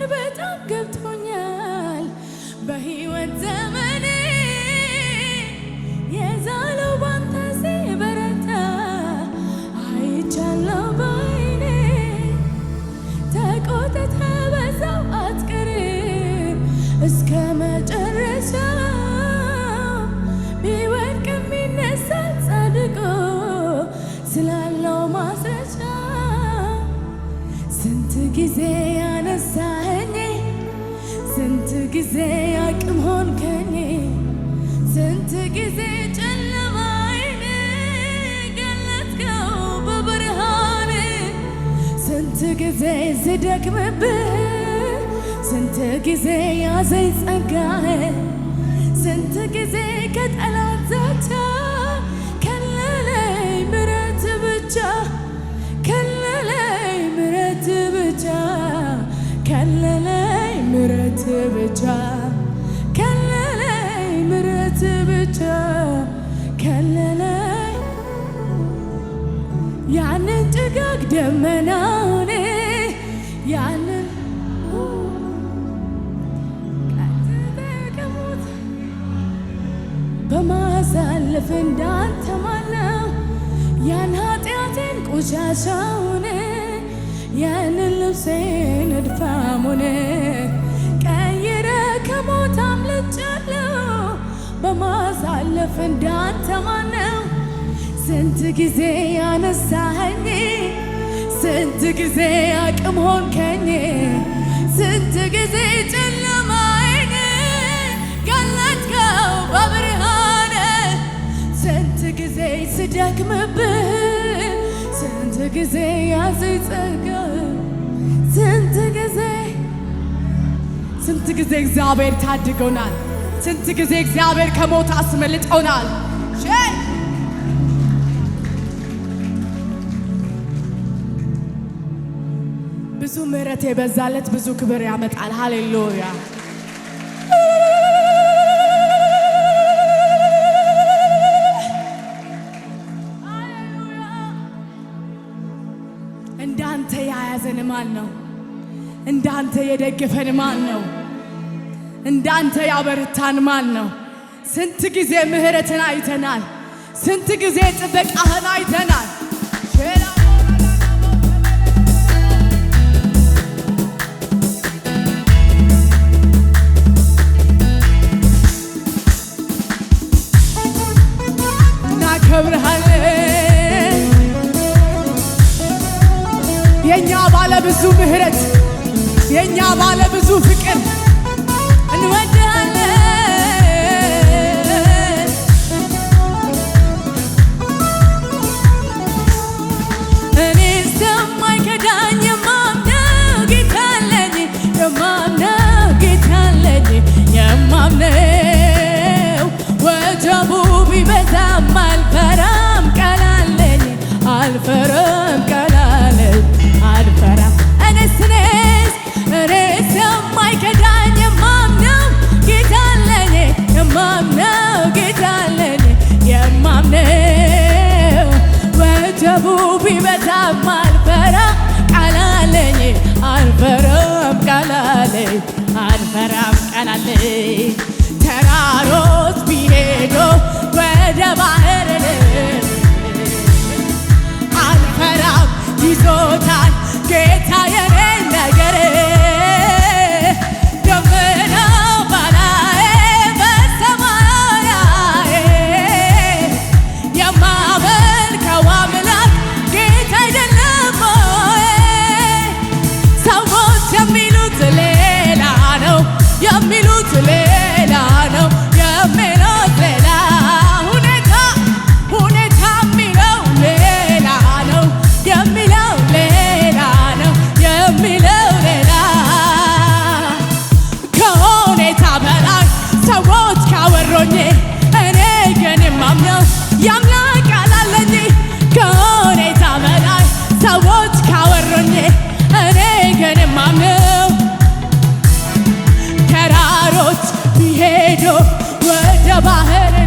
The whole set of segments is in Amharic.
ነገር በጣም ገብቶኛል በህይወት ዘመን ጊዜ ስደክምብህ ስንት ጊዜ ያዘኝ ጸጋህ ስንት ጊዜ ከጠላት ዘቻ ከለለይ ምረት ብቻ ከለለይ ምረት ብቻ ከለለይ ምረት ብቻ ከለለይ ምረት ብቻ ከለለይ ያንን ጭጋግ ደመና በማሳለፍ እንዳንተ ማነው ያን ኃጢአቴን ቆሻሻውን ያንን ልብሴን እድፋሙን ቀይረ ከሞት አምልጫለሁ በማሳለፍ እንዳንተ ማነው ስንት ጊዜ ያነሳኸኝ ስንት ጊዜ አቅም ሆንከኝ ስንት ጊዜ ጨለማዬን ገለጥከው በብርሃን ስንት ጊዜ ስደክምብህ ስንት ጊዜ ያዘጸገ ስንት ጊዜ ስንት ጊዜ እግዚአብሔር ታድጎናል ስንት ጊዜ እግዚአብሔር ከሞት አስመልጦናል ብዙ ምሕረት የበዛለት ብዙ ክብር ያመጣል። ሃሌሉያ እንዳንተ የያዘን ማን ነው? እንዳንተ የደገፈን ማን ነው? እንዳንተ ያበረታን ማን ነው? ስንት ጊዜ ምሕረትን አይተናል። ስንት ጊዜ ጥበቃህን አይተናል። ከብርሃን የእኛ ባለ ብዙ ምህረት የእኛ ባለ ብዙ ፍቅር ይሆናል። ተራሮች ቢሄዱ ወደ ባህር አልፈራም ይዞታል ወሮኜ እኔ ግን የማምነው የአምላክ ቃል አለኝ ከሁኔታ በላይ ሰዎች እኔ ግን የማምነው ተራሮች ቢሄዱ ወደ ባህር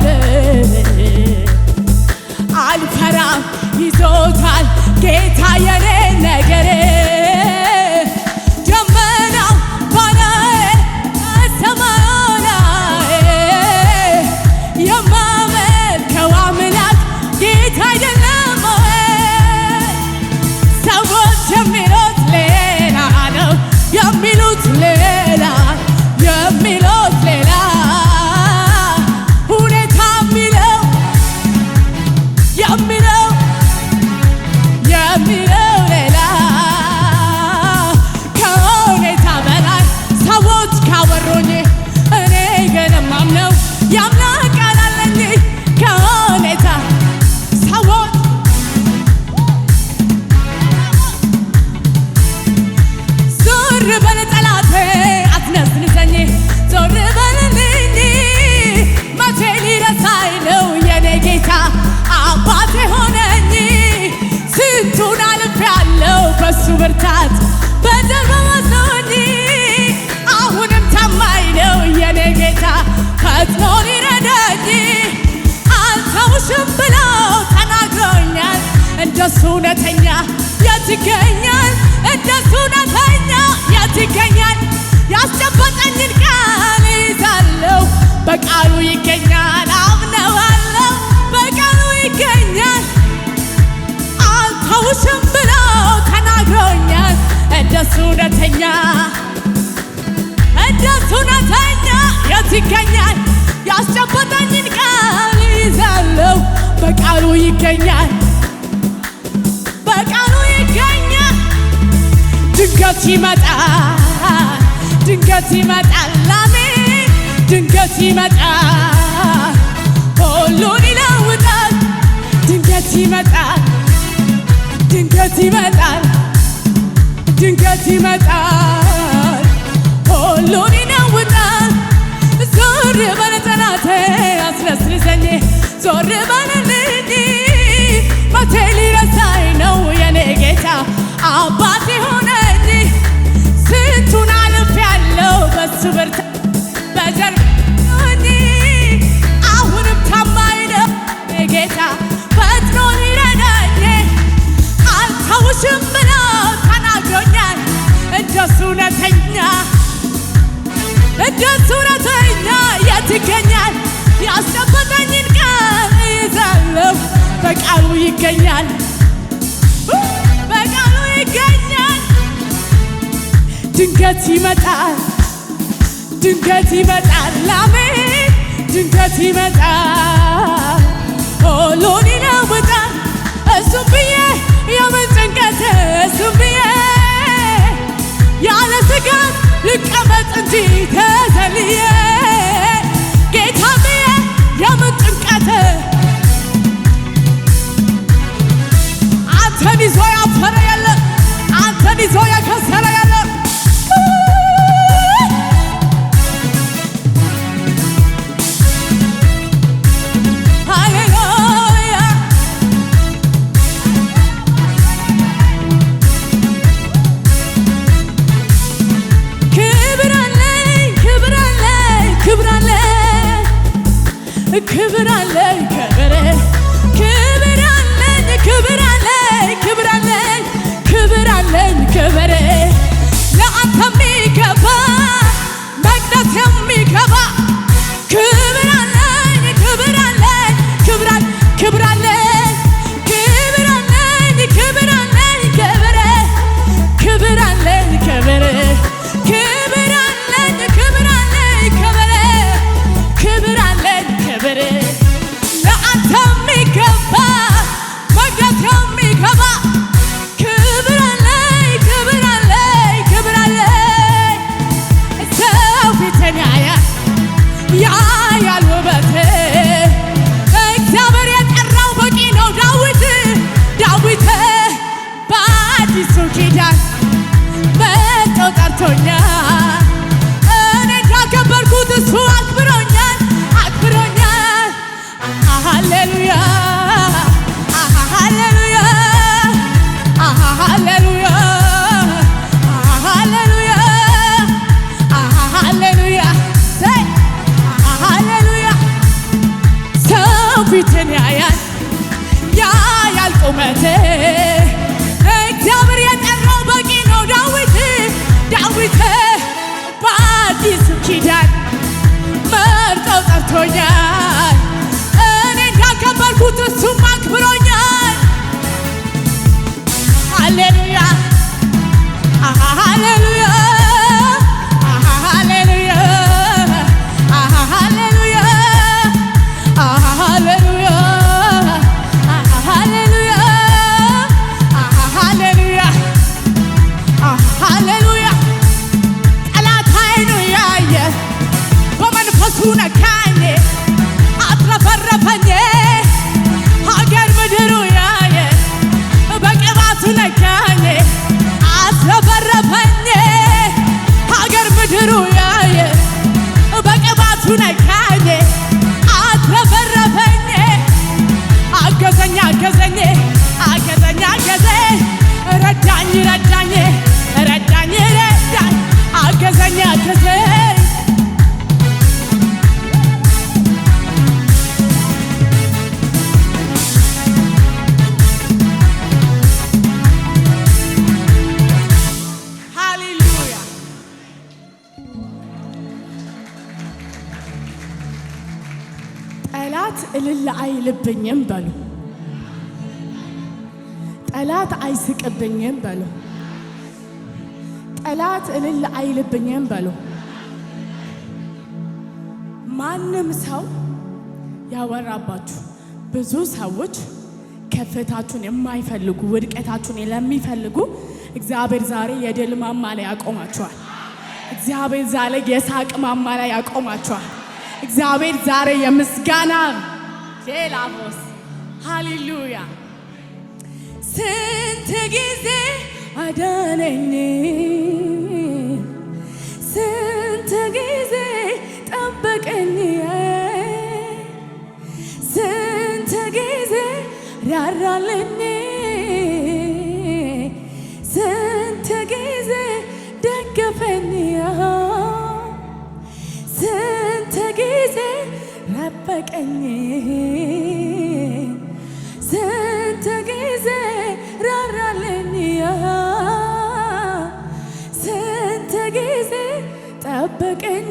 አልፈራም ይዞታል ጌታ የኔ ነገር በቃሉ ይገኛል አምነዋለሁ በቃሉ ይገኛል አልተውሽም ብሎ ተናግሮኛል እንደሱ እውነተኛ እንደሱ እውነተኛ የት ይገኛል ያስጨበጠኝን ቃል ይዛለሁ በቃሉ ይገኛል በቃሉ ይገኛል ድንገት ይመጣል ድንገት ይመጣል ላሜ ድንገት ይመጣል፣ ሁሉን ይለውጣል። ድንገት ይመጣል፣ ድንገት ይመጣል፣ ድንገት ይመጣል፣ ሁሉን ይለውጣል። ዞር በለ ጠላቴ አስለስልዘኝ፣ ዞር በለልኝ ማቴ ሊረሳኝ ነው ፊት ክብር አለ 할 때. ችላ አይልብኝም በሉ። ጠላት አይስቅብኝም በሉ። ጠላት እልል አይልብኝም በሉ። ማንም ሰው ያወራባችሁ ብዙ ሰዎች ከፍታችሁን የማይፈልጉ ውድቀታችሁን ለሚፈልጉ እግዚአብሔር ዛሬ የድል ማማ ላይ ያቆማችኋል። እግዚአብሔር ዛሬ የሳቅ ማማ ላይ ያቆማችኋል። እግዚአብሔር ዛሬ የምስጋና ቴላፎስ ሃሌሉያ ስንት ጊዜ አዳነኝ ስንት ጊዜ ጠበቀኝ ስንት ጊዜ ራራለኝ ጠበቀኝ ስንት ጊዜ ራራለኝ ስንት ጊዜ ጠበቀኝ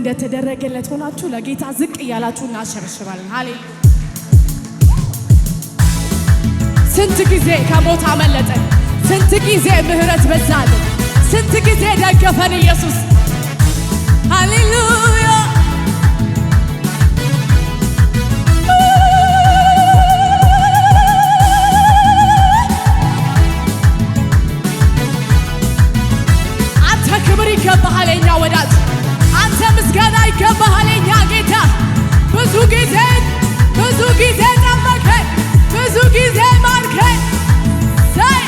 እንደተደረገለት ሆናችሁ ለጌታ ዝቅ እያላችሁ እናሸበሽባለን። ሃሌ ስንት ጊዜ ከሞት አመለጠን፣ ስንት ጊዜ ምህረት በዛልን፣ ስንት ጊዜ ደገፈን ኢየሱስ። ሃሌሉያ አንተ ክብር ይገባሃል የኛ ወዳጅ አንተ ምስጋና ይገባሃል የኛ ጌታ። ብዙ ጊዜ ብዙ ጊዜ ጠበከኝ፣ ብዙ ጊዜ ማርከኝ። ሳይ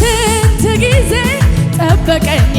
ስንት ጊዜ ጠበቀኝ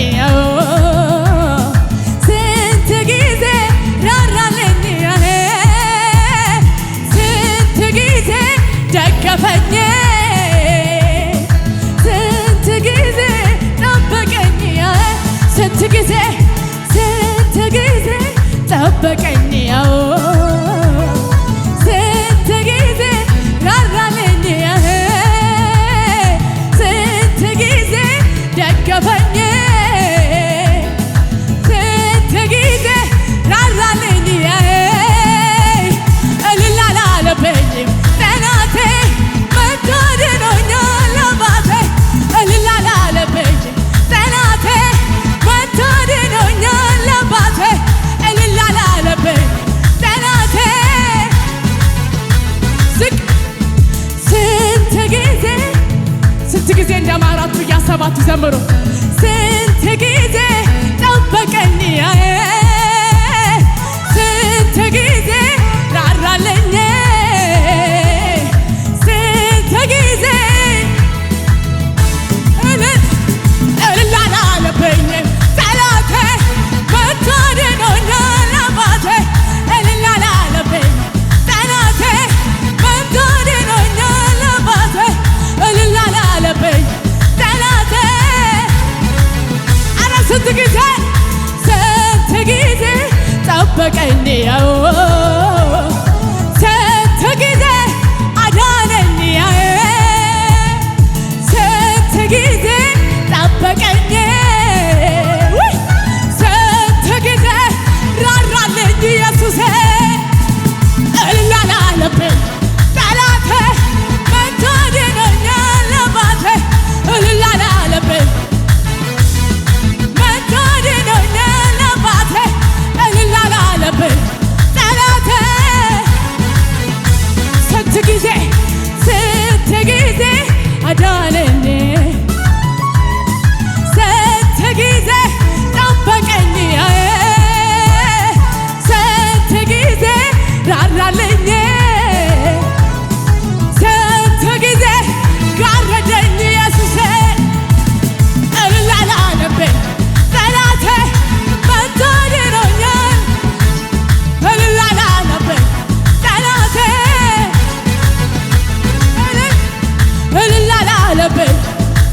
አለብኝ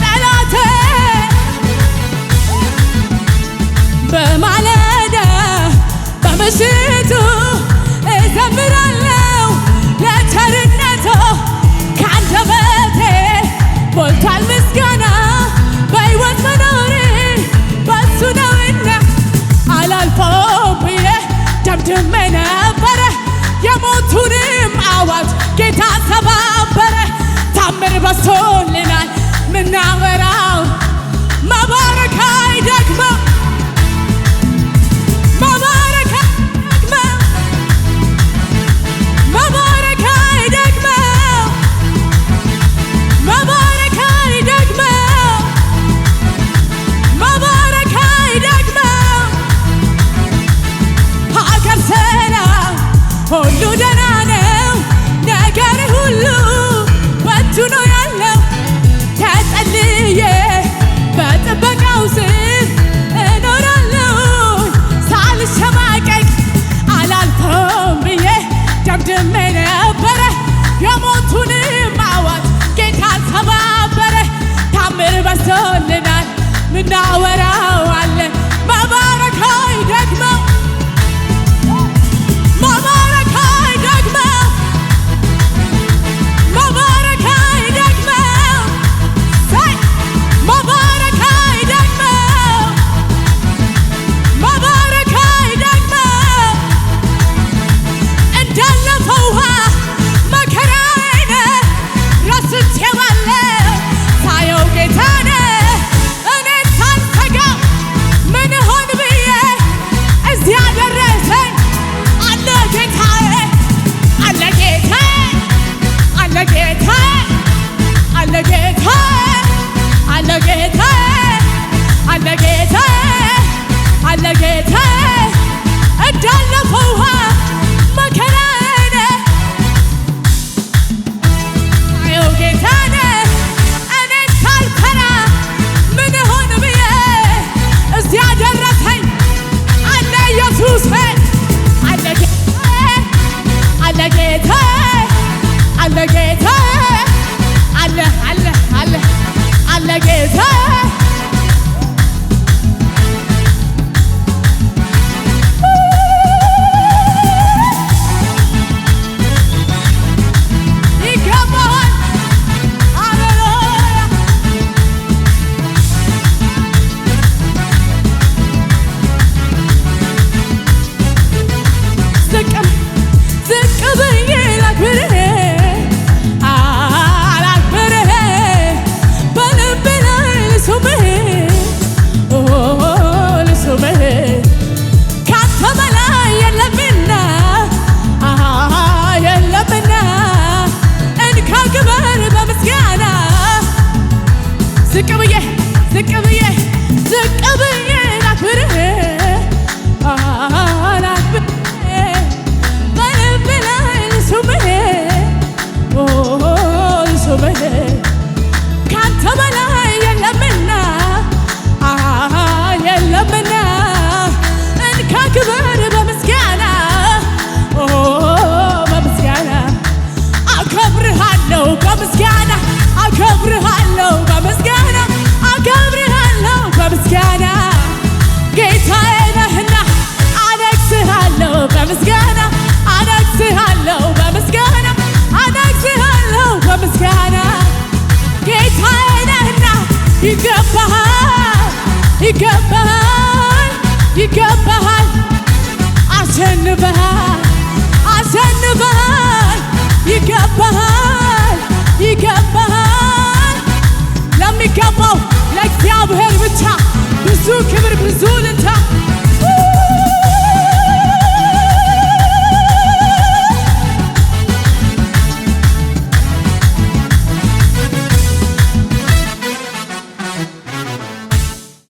ጠላቴ በማለዳ በምሽቱ እዘምራለሁ ለቸርነቱ ከአንደበቴ ሞልቷል ምስጋና በሕይወት መኖሬ በሱ ነውና አላልፈው ብዬ ደምድሜ ነበረ የሞቱንም አዋጅ ጌታ ሰባበረ ታምር በስቶን now now and I ተቀብዬ ተቀበ ብዙ ክብር፣ ብዙ ልንታ